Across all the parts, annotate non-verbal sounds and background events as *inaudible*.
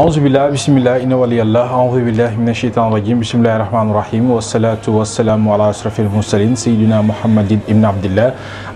aousubillah bisimilah ina waliyallah aousubillah min asheytan irajim bisimillahi rahmanirahim wasalatu wasalaamu ala ashrafil mursalin saydina mouhamadin ibn abdillah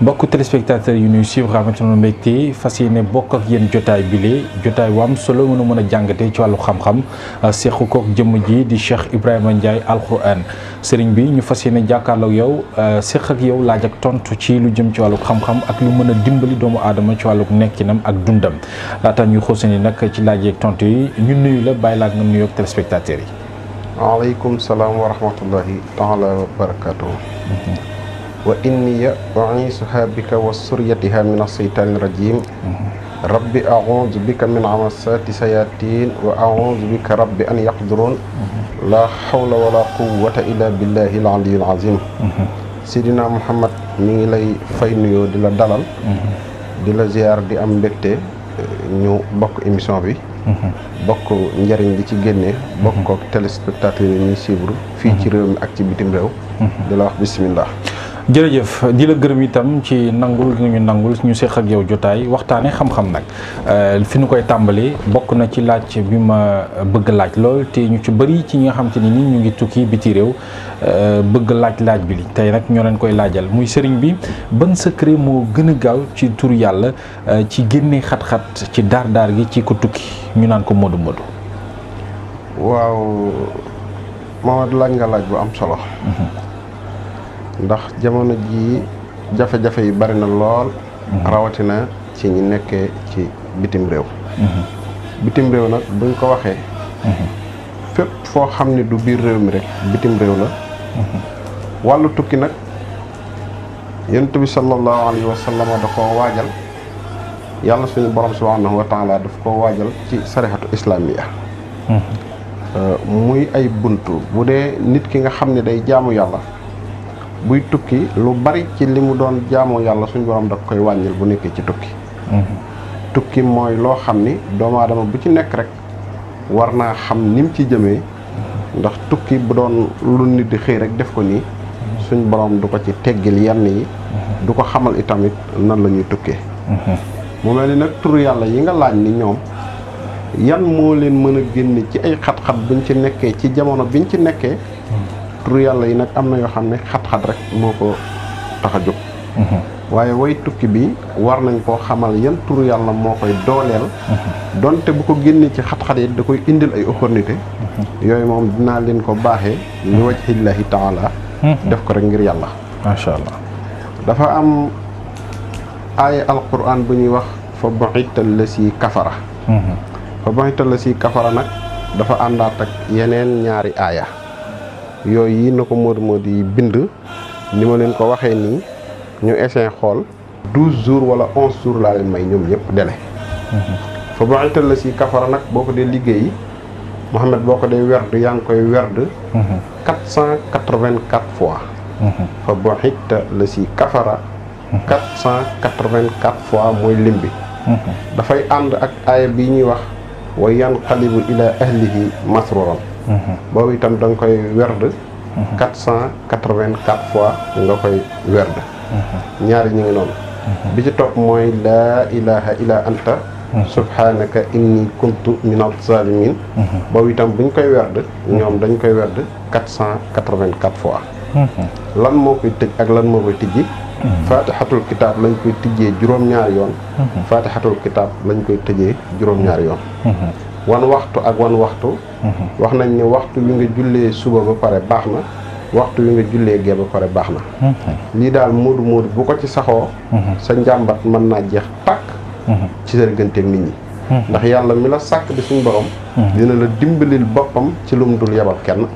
mbokk téléspectateurs yu ñuy suivre ramatino mbégte fas yéene bokk ak yéen jotaay bile jotaay waam solo mën a mën a jàngate ci wàllu xam-xam ah, sequ kook jëmm ji di Cheikh Ibrahima Ndiaye alquran sëriñ bi ñu fas ne jàkkaarlook yow ah, seq ak yow laaj ak tontu ci lu jëm ci wàllu xam-xam ak lu mën a dimbali doomu aadama ci wàllu nekkinam ak dundam laata ñuy xóosani nag ci laaj ak tontu yi ñu nuyu la bàyyi laa nga nuyoog téléspectateurs yi. waaleykum salaam wa rahmatullahi wa barakaatu. Mm-hmm. wa inniya u'iisuha bika wa suryatiha min asseytaani rajim. Mm-hmm. rabbi a'uudu bika min amasaati sayaatiin wa a'uudu bika rabbi an yaqduruun. Mm-hmm. laa xawla wala quwwata illa billahi al aliyyil azim. Muhammad mi ngi lay fay nuyoo di la dalal. di la ziar di am mbégte eh, ñu bokk émission bi. Mm-hmm. bokk njëriñ li ci génnee bokk ak mm-hmm. téléspectateur yi ñuy suivre fii ci mm-hmm. réew mi ak ci bitim réew di wax bisimilah jërëjëf di la gërëm itam ci nangul gi ñu nangul ñu seq ak yow jotaay waxtaane xam-xam nag euh, fi ñu koy tàmbali bokk na ci laaj bi ma bëgg laaj lool te ñu ci bëri ci ñi nga xam ni nit ñu ngi tukki biti réew euh, bëgg laaj laaj bi li tey nag ñoo leen koy laajal muy sëriñ bi ban secret moo gën a gaaw ci tur yàlla euh, ci génne xat-xat ci daar daar gi ci ko tukki ñu naan ko modu modu waaw Mamad laaj nga laaj bu am solo mhm. ndax jamono jii jafe-jafe yi bari na lool. Mhm. rawatina ci ñi nekkee ci bitim réew. Mhm. bitim réew nag buñ ko waxee. Mhm. fépp foo xam ne du biir réew mi rek bitim réew la. wàllu tukki nag yonent bi sallallahu alayhi wa da koo waajal. yàlla suñu borom subhanahu wa taala daf koo waajal ci sarihatu islamiya euh, muy ay bunt bu dee nit ki nga xam ne day jaamu yàlla. buy tukki lu bari ci li mu doon jaamoo yàlla suñu borom da koy wàññil bu nekkee ci tukki mhm. tukki mooy loo xam ni doomu aadama bu ci nekk rek war naa xam ni mu ci jëmee ndax tukki bu doon lu nit di xëy rek def ko nii suñ borom du ko ci teggil yenn yi mhm. du ko xamal itamit nan lañuy tukkee mhm. mu mel ni nag tur yàlla yi nga laaj ni ñoom yan moo leen mën a génne ci ay xat-xat buñ ci nekkee ci jamono biñ ci nekkee tur yàlla yi nag am na yoo xam ne xat-xat rek moo ko tax a jóg mhm. waaye way tukki bi war nañ koo xamal yan tur yàlla moo koy dooleel mhm. donte bu ko génnee ci xat-xat yi da koy indil ay opportunité mhm. yooyu moom dinaa leen ko baaxee li wajhillahi taala def ko rek ngir yàlla macha dafa am aaya alquran bu ñuy wax fa bu'ital la si kafara fa bu'ital la si kafara nag dafa àndaat ak yeneen ñaari aaya yooyu yi na ko Modou Modou yi bind ni ma leen ko waxee nii ñu ese xool douze jours wala onze jours laa leen may ñoom ñëpp délai. fa boo xamante la si kafara nag boo ko dee liggéey Mouhamed boo ko dee werd yaa ngi koy werd. quatre fois. fa boo xamante la kafara. quatre cent fois mooy lim bi. dafay ànd ak aaya bi ñuy wax wa yanqalibu ila ahlihi masruran boobu itam da nga koy werd quatre cent quatre vingt quatre fois nga koy werd ñaari ñu ngi noonu bi ci topp mooy laa ilaha illa anta subhanaka inni kuntu minal zalimin boobu itam buñ koy werd ñoom dañ koy werd quatre cent quatre vingt quatre fois lan moo koy tëj ak lan moo koy tijji faatixatul kitaab lañ koy tijjee juróom-ñaari yoon faatixatul kitaab lañ koy tëjee juróom-ñaari yoon wan waxtu ak wan waxtu mhm. wax nañ ne waxtu wi nga jullee suba ba pare baax na waxtu wi nga jullee gee ba pare baax na mhm. lii daal moodu moodu bu ko ci saxoo mhm. sa njàmbat mën naa jeex tàkk ci sa digganteeg nit ñi ndax yàlla mi la sàkk di suñ borom dina la dimbalil boppam ci lum dul yebal kenn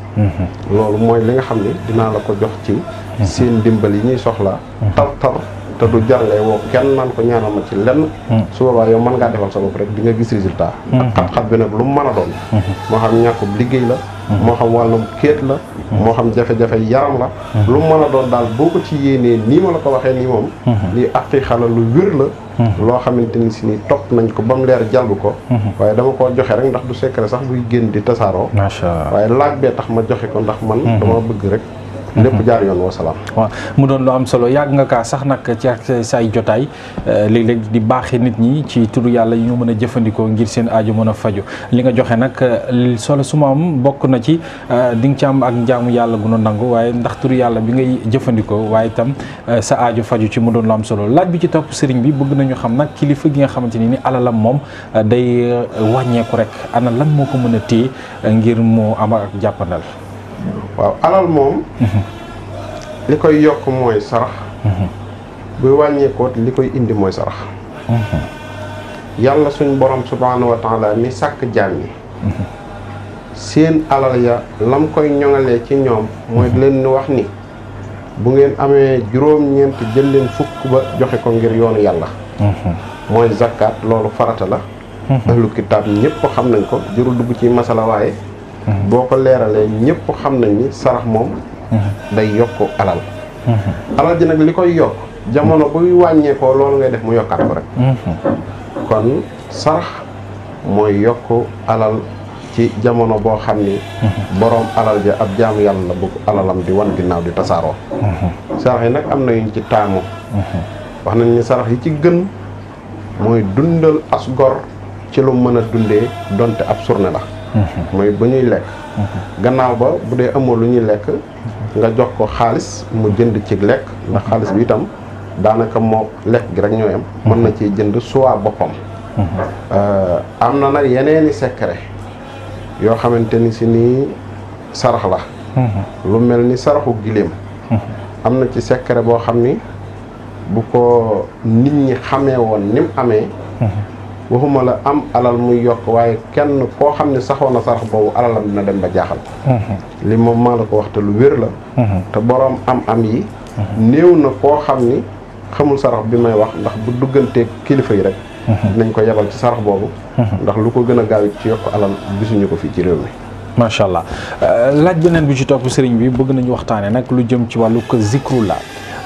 loolu mooy li nga xam ne dinaa la ko jox ci seen dimbal yi ñuy soxla tar tar te du jàllee woo kenn naan ko ñaanal ma ci lenn hmm. su boobaa yow mën ngaa defal sa bopp rek di nga gis résultat hmm. ak xat-xat bi nag lu mu a doon hmm. moo xam ñàkkub liggéey la moo xam wàllum kéet la moo xam jafe-jafe yaram la lu mu mën a doon daal boo ko ci yéenee nii ma la ko waxee nii moom lii aqi xala lu wér la loo xamante ni si ni topp nañ ko ba mu leer jàll ko waaye dama koo joxe rek ndax du secret sax buy génn di tasaaroo waaye laaj bee tax ma joxe ko ndax man dama bëgg rek lépp jaar yoon wa salaam. mu doon lu am solo yàgg nga kaa sax nag ci ak say jotaay eh, léeg-léeg di baaxee nit ñi ci turu yàlla yi ñu mën a jëfandikoo ngir seen ajo mën a faju li nga joxe nag eh, solo su ma am bokk na ci eh, di nga ci am ak njaamu yàlla gu nangu waaye ndax turu yàlla bi ngay jëfandikoo waaye itam sa aajo faju ci mu doon lu am solo laaj bi ci topp sëriñ bi bëgg nañu xam nag kilifa gi nga xamante ni ni alalam moom day wàññeeku rek ana lan moo ko mën a téye ngir mu am ak jàppandal waaw alal moom *laughs* li koy yokk mooy sarax mhm. buy wàññeekoot li koy indi mooy sarax mhm. yàlla suñ borom subhaanahu wa ni sàkk jaam yi mhm. seen alal ya lam koy ñoŋalee ci ñoom mooy leen wax ni bu ngeen amee juróom-ñeent jël leen fukk ba joxe ko ngir yoonu yàlla mooy zakkaat loolu farata la ahlu kitaab ñëpp xam nañ ko jërul dugg ci masala waaye boo ko leeralee ñëpp xam nañ ni sarax moom day yokk alal alal ji nag li koy yokk jamono buy wàññeekoo loolu ngay def mu yokkaat ko rek kon sarax mooy yokk alal ci jamono boo xam ni boroom alal ja ab jaamu yàlla bu alalam di wan ginnaaw di tasaaroo sarax yi nag am na yuñ ci taamu wax nañ ni sarax yi ci gën mooy dundal as gor ci lu mën a dundee donte ab surne la mooy ba ñuy lekk gannaaw ba bu dee amoo lu ñuy lekk nga jox ko xaalis mu jënd ci lekk ndax xaalis bi itam daanaka moo lekk gi rek ñooy am mën na ci jënd suwaa boppam euh, am na na yeneeni secret yoo xamante ni si nii sarax la lu mel ni saraxu giléem am na ci secret boo xam ni bu ko nit ñi xamee woon ni mu amee waxuma la am alal muy yokk waaye kenn koo xam ne saxoon na sarax boobu alalam dina dem ba jaaxal mhm. li moom maa la ko wax te lu wér la mhm. te boroom am am yi mhm. néew na koo xam ni xamul sarax bi may wax ndax bu duggantee kilifa yi rek nañ ko yebal ci sarax boobu ndax lu ko gën a gaaw ci yokk alal gisuñu ko fii ci réew mi macha allah euh, laaj beneen bi ci topp sëriñ bi bëgg nañu waxtaane nag lu jëm ci wàllu ko zikru la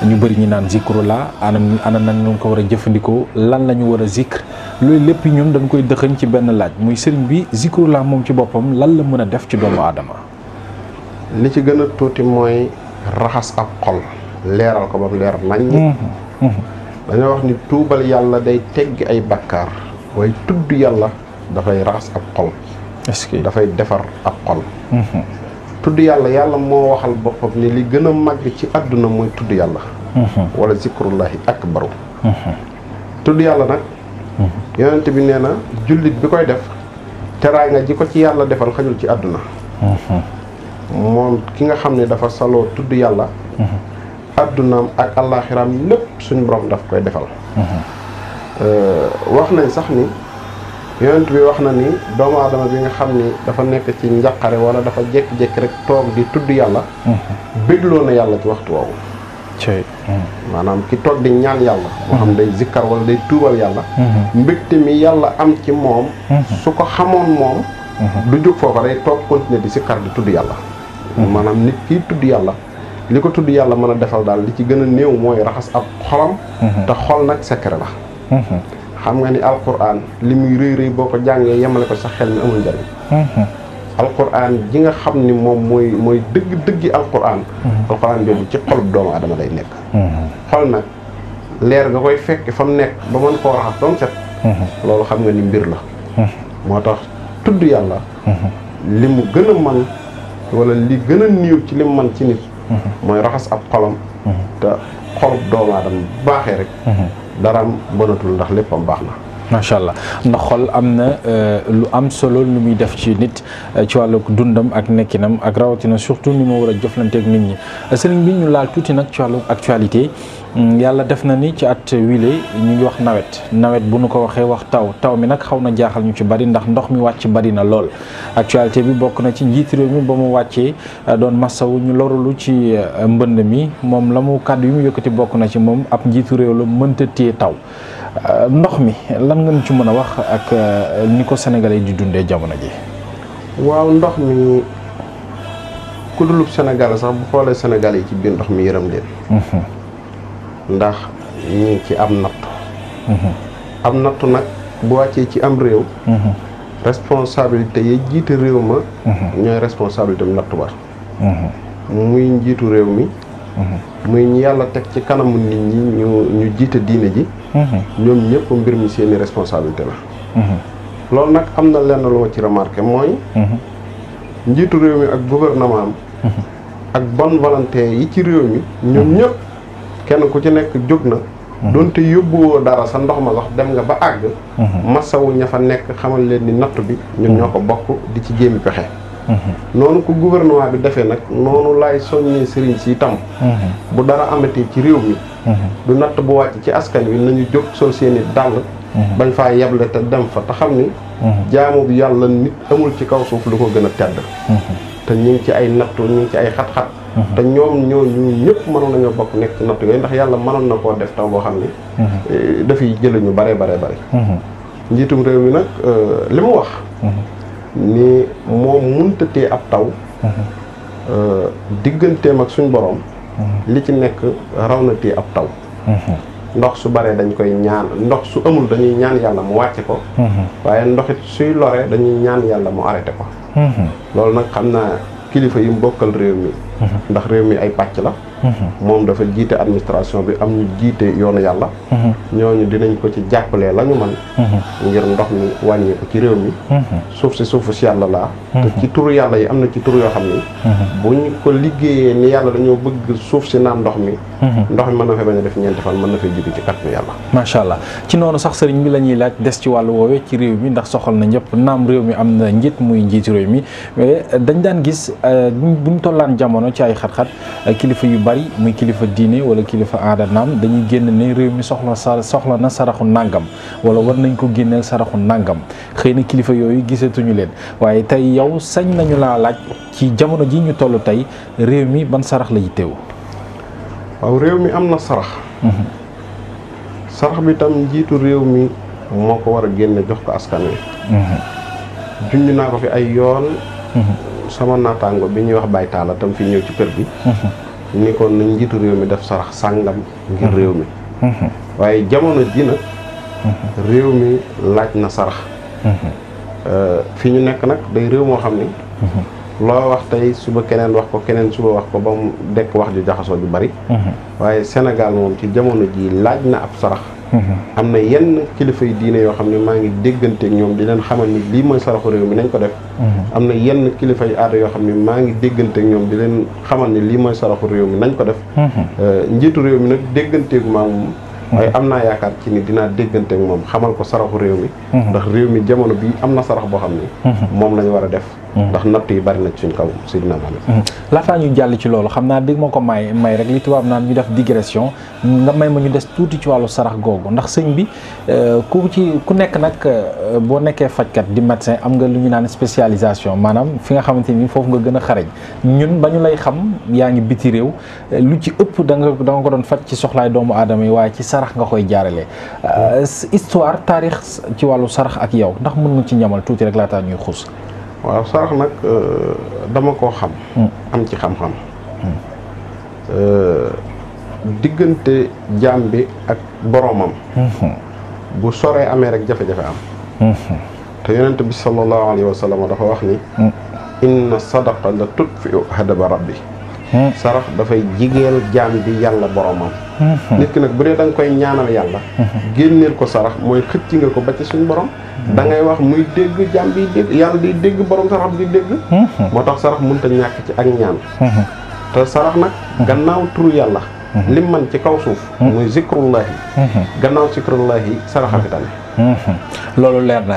ñu bëri ñu naan zikru la anam ana nan ñu ko war a jëfandikoo lan lañu ñu war a zikr loolu lépp ñoom dañ koy dëxëñ ci benn laaj muy sëriñ bi zikru la moom ci boppam lan la mën a def ci doomu aadama. li ci gën a tuuti mooy raxas ab xol leeral ko ba mu leer nañ. Mhm, mhm. dañoo wax ni tuubal yàlla day teggi ay bakkaar waaye tudd yàlla dafay raxas ab xol. est-ce dafay defar ab xol. Mhm. tudd yàlla yàlla moo waxal boppam ni li gën a màgg ci àdduna mooy tudd yàlla mhm. wala zikrullahi akbaru mhm. tudd yàlla nag mhm. yonent bi nee na jullit bi koy def teraanga ji ko ci yàlla defal xajul ci àdduna moom ki nga xam ne dafa saloo tudd yàlla addunaam ak allaaxiraam lépp suñ borom daf koy defal euh, wax nañ sax ni yonent bi wax na ni doomu aadama bi nga xam ni dafa nekk ci njaqare wala dafa jékki-jékki rek toog di tudd yàlla mhm. bégloo na yàlla ci waxtu woowu mhm. maanaam ki toog di ñaan yàlla moo xam mhm. day zikkar wala day tuubal yàlla mbégte mi yàlla am ci moom su ko xamoon moom du jóg foofa day toog continuer di sikkar di tudd yàlla maanaam nit kiy tudd yàlla li ko tudd yàlla mën a defal daal li ci gën a néew mooy raxas ak xolam te xol nag secret la xam nga ni alquran li muy rëy rëy boo ko jàngee yemale ko sax xel mi amul njëriñ mhm. alquran ji nga xam ni moom mooy mooy dëgg dëggi alquran mhm. alquran jooju ci xolub doomu adama lay nekk mhm. xol nag leer nga koy fekk fa mu nekk ba mën koo raxas doom set loolu xam nga ni mbir la moo tax tudd yàlla li mu gën a man wala li gën a néew ci li mu man ci nit mooy raxas ab xolam te xolub doomu adama bu baaxee rek daraam mënatul ndax léppam baax na. macha allah ndax xol am na euh, lu am solo lu muy def ci nit euh, ci wàllu dundam ak nekkinam ak rawatina surtout ni ma war a jëflanteeg nit ñi sëriñ bi ñu laal tuuti nag ci wàllu actualité. Mm, yàlla def na ni ci at wile ñu ngi wax nawet nawet bu nu ko waxee wax taw taw mi nag xaw na jaaxal ñu ci bari ndax ndox mi wàcc bari na lool actualité bi bokk na ci njiit réew mi ba mu wàccee eh, doon masawu ñu lorulu ci eh, mbënn mi moom la mu kàddu yi mu yëkkati bokk na ci moom ab njiitu réew la mënta téye taw eh, ndox mi lan nga ñu ci mën a wax ak ni ko sénégalais di dundee jamono ji. waaw ndox mi ku dulub sax bu xoolee senegal yi ci biir ndox mi yërëm leen. Mm-hmm. ndax ñu ci am nattu mhm. am nattu nag bu wàccee ci am réew mhm. responsabilité yi jiite réew ma mhm. ñooy responsabilité mu nattu ba muy njiitu réew mi muy ñu yàlla teg ci kanamu nit ñi ñu jiite diine ji ñoom ñëpp mbir mi seeni responsabilité la loolu nag am na lenn lu ma ci remarqué mooy njiitu réew mi ak gouvernement ak bonne volonté yi ci réew mi ñoom ñëpp kenn ku ci nekk jóg na mhm. donte yóbbuwoo dara sa ndox ma sax dem nga ba àgg mhm. masawu ña fa nekk xamal leen ni natt bi ñun ñoo ko mhm. bokk di ci jéemi pexe noonu ko gouvernement bi defee nag noonu laay soññee sëriñ si itam bu dara amatee ci réew mi du natt bu wàcc ci askan wi nañu jóg sol seeni dàll bañ faa yeble te dem fa te xam ni jaamu bi yàlla nit amul ci kaw suuf lu ko gën a tedd te ñu ci ay nattu ñu ci ay xat-xat Mhm. te ñoom ñooñu ñëpp mënoon nañoo bokk nekk natt yooyu ndax yàlla mënoon na koo def taw boo xam ne mhm. eh, dafay jëlee ñu bare bare bare. Mhm. njiitum réew mi nag euh, li mu wax. ni moom mënut a ab taw. Euh, digganteem ak suñu borom. li ci nekk raw na téye ab taw. ndox su baree dañ koy ñaan ndox su amul dañuy ñaan yàlla mu wàcc ko. waaye ndoxit suy lore dañuy ñaan yàlla mu arrêté ko. loolu nag xam naa. kilifa yi mu bokkal réew mi. Mm-hmm. ndax réew mi ay pàcc la. Mm-hmm. moom dafa jiite administration bi am ñu jiite yoonu yàlla. Mm-hmm. ñooñu dinañ ko ci jàppalee la ñu man ngir ndox mi wàññeeku ci réew mi. suuf si suufu si yàlla laa. te mhm. ci turu yàlla yi am na ci turu yoo xam ni. Mhm. bu ñu ko liggéeyee ni yàlla dañoo bëgg suuf si naan ndox mi. Mhm. ndox mi mën na fa bañ a def ñeenti fan mën na fay jóge ci kàttanu yàlla. macha allah ci noonu sax sëriñ bi la ñuy laaj des ci wàllu woowee ci réew mi ndax soxal na ñëpp naam réew mi am na njiit muy njiitu réew mi mais dañ daan gis euh, bu ñu tollaan jamono ci ay xat-xat euh, kilifa yu bari muy kilifa diine wala kilifa aada naam dañu génn ni réew mi soxla sa soxla na saraxu nàngam wala war nañ ko génneel saraxu nàngam xëy na kilifa yooyu gisatuñu leen yow sañ nañu laa laaj ci jamono ji ñu toll tey réew mi ban sarax la yittewu waaw réew mi am na sarax mhm. sarax bi tam njiitu réew mi moo ko war a génne jox ko askan wi mhm. junj naa ko fi ay yoon mhm. sama naataango bi ñuy wax baytaala tam fi ñëw ci kër bi ni ko nañ njiitu réew mi def sarax sàngam ngir réew mi waaye jamono ji nag réew mi laaj na sarax Euh, fii ñu nekk nag day réew moo xam ni. Mhm. loo wax tey suba keneen wax ko keneen suba wax ko ba mu dekk wax ju jaxasoo ju bari. Mhm. waaye senegal moom ci jamono ji laaj na ab sarax. Mhm. am na yenn kilifa yu diine yoo xam ne maa ngi déggante ñoom di leen xamal ni lii mooy saraxu réew mi nañ ko def. am na yenn kilifa yu aada yoo xam ne maa ngi déggante ñoom di leen xamal ni mooy saraxu réew mi nañ ko def. Euh, njiitu réew mi nag dégganteegu maa waaye am naa yaakaar ci ni dinaa déggante ak moom xamal ko saraxu réew mi mhm. ndax réew mi jamono bi am na sarax boo xam ni mhm. moom lañu war a def Mm. ndax natt yi bari na ci suñ kaw Seydina Mohamed mm. laataa ñu jàll ci loolu xam naa dégg ma ko may may rek li tubaab naan ñu def digression nga may ma ñu des tuuti ci wàllu sarax googu ndax sëñ bi euh, ku ci ku nekk nag euh, boo nekkee fajkat di médecin am nga lu ñu naan spécialisation maanaam fi nga xamante ni foofu nga gën a xarañ ñun ba ñu lay xam yaa ngi biti réew euh, lu ci ëpp da nga doon faj ci soxlaay doomu aadama yi waaye ci sarax nga koy jaaralee histoire taarix ci wàllu sarax ak yow ndax mën nga ci ñamal tuuti rek laataa ñuy xuus waaw sarax nag euh, dama koo xam. Hmm. am ci xam-xam. Hmm. Euh, diggante jaam bi ak boroomam. Hmm. bu soree amee rek jafe-jafe am. te yonent bi sallallahu alayhi wa dafa wax ni. inna sadaqa la tutfiu hadaba rabbi. sarax dafay jigéel jaam bi yàlla boroomam. nit ki nag bu dee da nga koy ñaanal yàlla. génneel ko sarax mooy xëcc nga ko ba ci suñ borom. da ngay wax muy dégg jàmm bi dégg yàlla di dégg borom sarax di dégg. moo tax sarax mënut a ñàkk ci ak ñaan. te sarax nag gannaaw turu yàlla. lim man ci kaw suuf. muy zikrullahi. gannaaw zikrullahi sarax a fi tane. loolu leer na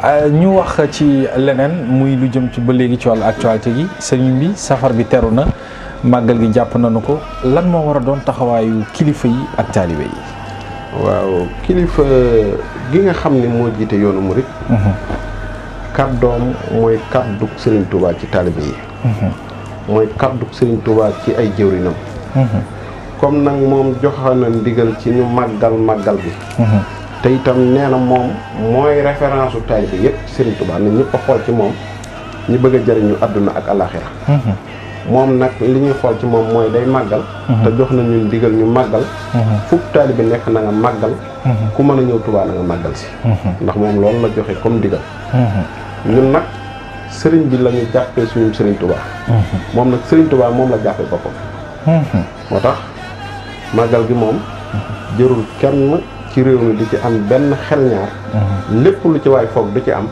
*laughs* ñu wax ci leneen muy lu jëm ci ba léegi ci wàllu actualité gi sa bi safar bi teru na. màggal gi jàpp nañu ko lan moo war a doon taxawaayu kilifa yi ak taalibe yi. waaw kilifa gi nga xam ne moo jiite yoonu murit. Mhm. kàddoom mooy kàddu Serigne Touba ci taalibe yi. Mhm. mooy kàddu Serigne Touba ci ay jëwrinam. Mhm. comme nag moom joxe ndigal ci ñu màggal màggal bi. te itam nee na moom mooy référence su taalibe yëpp Serigne Touba na ñëpp xool ci moom ñu bëgg a jëriñu àdduna ak alaaxira moom nag li ñuy xool ci moom mooy day màggal mhm. te jox na ñun digal ñu màggal mhm. fukk bi nekk na nga màggal mhm. ku mën a ñëw Tuubaa na nga màggal si ndax moom loolu la joxe comme digal ñun nag sëriñ bi la ñu jàppee suñu sëriñ Tuubaa moom nag sëriñ Tuubaa moom la jàppee boppam moo tax màggal gi moom jërul kenn ci réew mi di ci am benn xel ñaar lépp lu ci waay foog du ci am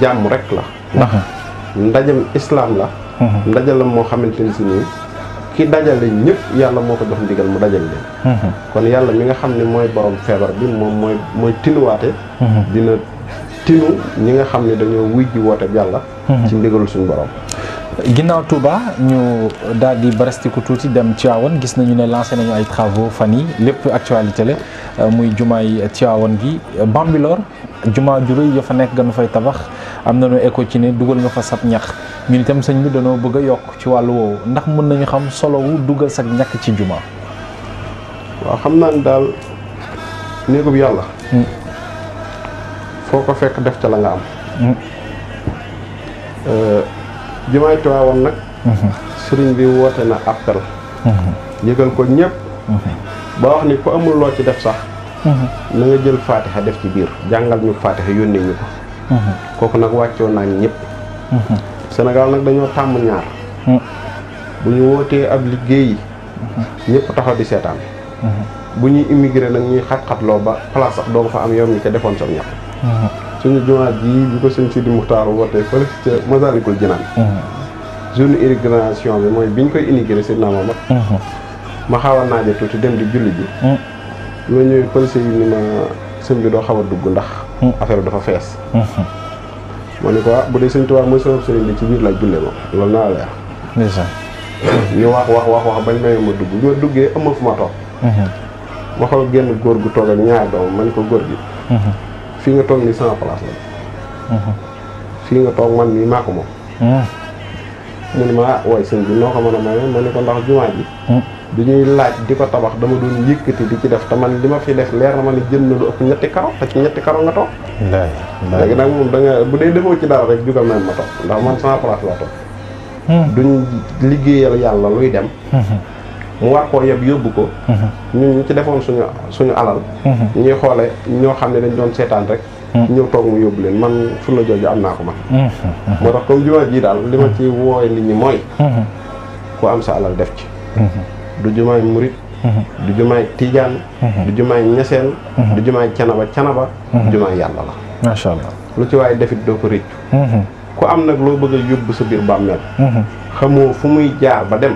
jàmm rekk la ndax ndajem islaam la *laughs* ndajal la moo xamante ni si nii ki dajale ñëpp yàlla moo ko jox ndigal mu dajal leen *laughs* kon yàlla mi nga xam ne mooy borom feebar bi moom mooy mooy tinuwaate *laughs* dina tinu ñi nga xam ne dañoo wuy ji woote yàlla ci ndigalul suñu borom ginnaaw Touba ñu daal di barastiku tuuti dem Tivaouane gis nañu ne lancé nañu ay travaux fan yi lépp actualité la euh, muy jumaay Tivaouane gi Bambilor jumaa ju rëy ya fa nekk gën fay tabax am nañu écho ci ne dugal nga fa sab ñax ñun itam sëñ bi danoo bëgg a yokk ci wàllu woowu ndax mën nañu xam solowu wu dugal sag ñàkk ci jumaa waaw xam naa ne daal néegub yàlla. Hmm. foo ko fekk def ca la nga am. Hmm. Euh, jumaay Tiwaawan nag. Hmm. sëriñ bi woote na appel. yëgal ko ñëpp. ba wax ni ku amul loo ci def sax. na jël faatixa def ci biir jàngal ñu faatixa yónnee ñu ko. kooku nag wàccoo naa ñëpp. Sénégal nag dañoo tàmm ñaar. Hmm. bu ñu wootee ab liggéey yi ñëpp taxaw di seetaan. Hmm. bu ñuy immigré nag ñuy xat-xatloo ba place sax doo fa am yow mi ca defoon sam ñax. Hmm. suñu jumaat jii bi ko sëñ Sidi Muxtaar wootee fële ca Masaalikul Jinaan. journée irrigation bi mooy biñ koy immigré si naa ma ma xaw a naaje tuuti dem di julli ji. bi ma ñëwee police yi ni ma sëñ bi doo xaw a dugg ndax. affaire dafa fees. ma ne ko ah bu dee sëñ Tuubaa mooy sama sëriñ bi ci biir la julle ma loolu naa la wax ñu wax wax wax wax bañ may ma dugg bi ma duggee amul fu ma toog ma mhm. xool genn góor gu toog ak ñaari doom ma ne ko góor gi mhm. fii nga toog ni sama place la mhm. fii nga toog man mii maa mu ne ma ah waay sëñ bi noo ko mën a maye ma ne ko ndax jumaa ji du ñuy laaj di ko tabax dama doon yëkkati di ci def te man li ma fi def leer na ma ne jënd na lu ëpp ñetti karo te ci ñetti karo nga toog. léegi nag moom bu dee defoo ci dara rek jugal na ma toog ndax man sama place laa toog. Hmm. duñ liggéeyal yàlla luy dem. Hmm. mu war koo yeb yóbbu ko. Hmm. ñun ñu ci defoon suñu suñu alal. ñuy xoole ñoo xam ne dañ doon seetaan rek. ñu toog mu yóbbu leen man fu la jooju am naa ko man. moo tax comme jumaa ji daal li ma ci wooye nit ñi mooy. ku am sa alal def ci. du jumaay murit mhm. du jumaay tijaan mhm. du jumaay ñeseen mhm. du jumaay canaba canaba jumaay yàlla la macha allah lu ci waaye defit doo ko réccu ku am nag loo bëgg a yóbbu sa biir bàmmeel xamoo fu muy jaar ba dem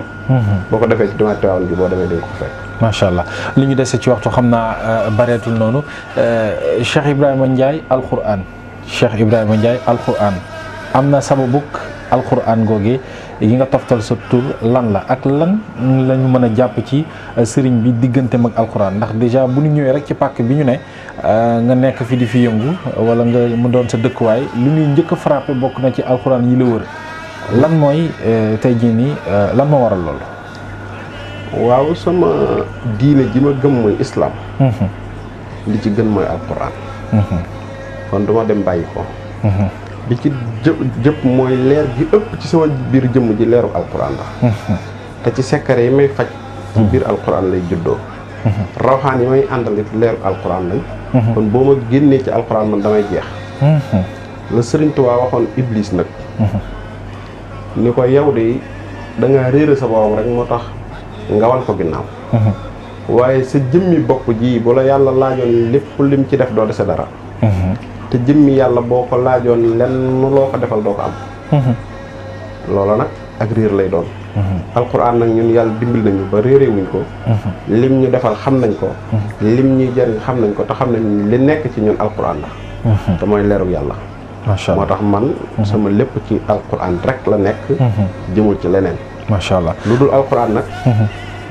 boo ko defee ci jumaay Tiwaawan ji boo demee di nga ko fekk macha allah li ñu dese ci waxtu xam naa euh, bareetul noonu euh, Cheikh Ibrahima Ndiaye alquran a Ibrahima Ndiaye alquran am na sama bukk alquran googi yi nga toftal sa tur lan la ak lan la ñu mën a jàpp ci euh, sëriñ bi diggante mag alxuraan ndax déjà bu nu ñëwee rek ci pàkk bi ñu ne euh, nga nekk fi di fi yëngu wala nga mu doon sa dëkkuwaay li ñuy njëkk a bokk na ci alxuraan yi la wër lan mooy euh, tey jii nii lan moo waral loolu. waaw sama diine ji ma gëm mooy islam. Mhm. li ci gën mooy alxuraan. Mhm. kon duma dem bàyyi ko. Mhm. bi ci jë jëpp mooy leer gi ëpp ci sama biir jëmm ji leeru alxuraan la *laughs* te ci sekkare yi may faj ci hmm. biir alxuraan lay juddoo hmm. rawxaan yi may àndal it leeru alxuraan lañ hmm. kon boo ma génnee ci alxuraan man damay jeex la Sëriñ Tuubaa waxoon Iblis nag ni ko yow de da ngaa réere sa borom rek moo tax nga wan ko ginnaaw waaye sa jëmmi bopp ji bu la yàlla laajoon lépp lim ci def doo dese dara te jëmmi yàlla boo ko laajoon lenn loo ko defal doo ko am mhm. loola nag ak réer lay doon mhm. alxuraan nag ñun yàlla dimbil nañu ba réeré wuñ ko mhm. lim ñu defal xam nañ ko lim ñuy jëriñ xam nañ ko te xam nañ li nekk ci ñun alxuraan la te mooy leeru yàlla macha allah moo tax man sama lépp ci alxuraan rek la nekk jëmul ci leneen macha lu dul alxuraan nag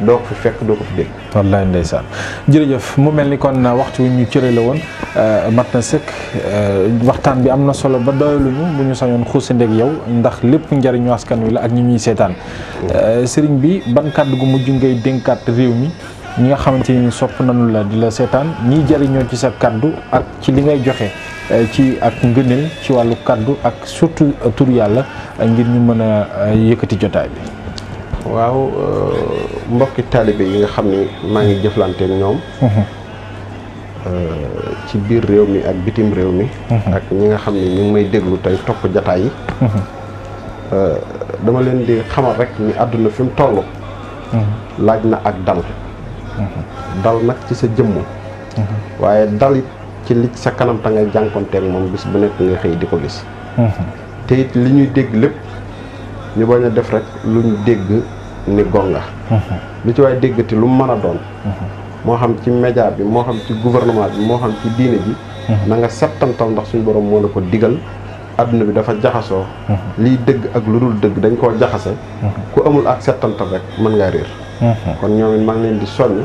doo ko fi fekk doo ko fi dégg. wallaay ndeysaan jërëjëf mu mel ni kon uh, waxtu wi ñu cëre la woon uh, mat na sëkk uh, waxtaan bi am na solo ba doyaluñu bu ñu sañoon xuusandeeg yow ndax lépp njariñu askan wi la ak ñi ñuy seetaan sëriñ bi ban kàddu gu mujj ngay dénkaat réew mi. ñi nga xamante ni sopp nañu la di la seetaan ñiy jariñoo ci sa kàddu ak ci li ngay joxe ci ak ngëneel ci wàllu kàddu ak surtout tur yàlla ngir ñu mën a yëkkati jotaay bi. waaw euh, mbokki taalibe yi nga xam ni maa ngi jëflanteek ñoom mhm. euh, ci biir réew mi ak bitim réew mi mhm. ak ñi nga xam ni ñu ngi may déglu tey topp jataay yi mhm. euh, dama leen di xamal rek ni àdduna fi mu toll laaj na ak dal dal nag ci sa jëmm waaye dal ci li sa kanam ta ngay jànkonteek moom bis bu nekk nga xëy di ko gis te li ñuy dégg lépp ñu bañ a def rek luñ dégg ni gonga mhm. lu ci waaye déggati lu mën a doon mhm. moo xam ci média bi moo xam ci gouvernement bi moo xam ci diine ji mhm. na nga settantal ndax suñu borom moo la ko digal adduna bi dafa jaxasoo liy dégg ak lu dul dëgg dañ koo jaxase ku amul ak settantal rek mën ngaa réer kon ñoom it maa ngi leen di soññ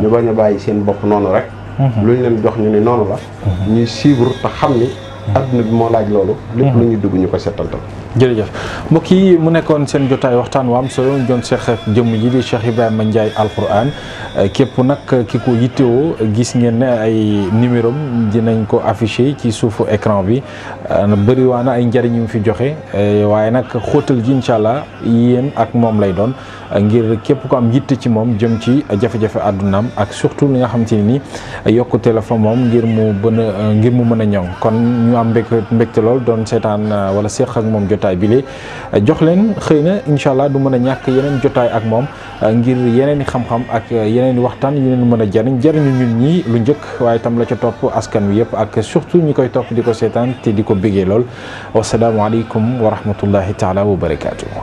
ñu bañ a bàyyi seen bopp noonu rek lu ñu leen jox ñu ni noonu la ñuy suivre te xam ni adduna bi moo laaj loolu. lépp lu ñuy dugg ñu ko setantal. jërëjëf mbokk yi mu nekkoon seen jotaay waxtaan wa am solo ñu doon seq ak jëmm ji di Cheikh ma Ndiaye Al Quran képp nag ki ko yittewoo gis ngeen ne ay numéro dinañ ko affiché ci suufu écran bi bëri waa na ay njëriñ fi joxe eh, waaye nag xóotal ji incha allah yéen ak moom lay doon ngir képp ko am yitte ci moom jëm ci jafe-jafe àddunaam ak surtout li nga xam te ni yokku téléphone moom ngir mu bën ngir mu mën a ñoŋ ñu am mbég mbégte lool doon seetaan euh, wala seeq ak moom jotaay bi lee jox leen xëy na incha allah du mën a ñàkk yeneen jotaay ak moom euh, ngir yeneen i xam-xam ak euh, yeneen waxtaan yu nu mën a jariñ jariñu ñun ñi lu njëkk waaye tam la ca topp askan wi yëpp ak surtout ñi koy topp di ko seetaan te di ko bégee lool wasalaamualeykum wa rahmatullahi taala wa barakaatu.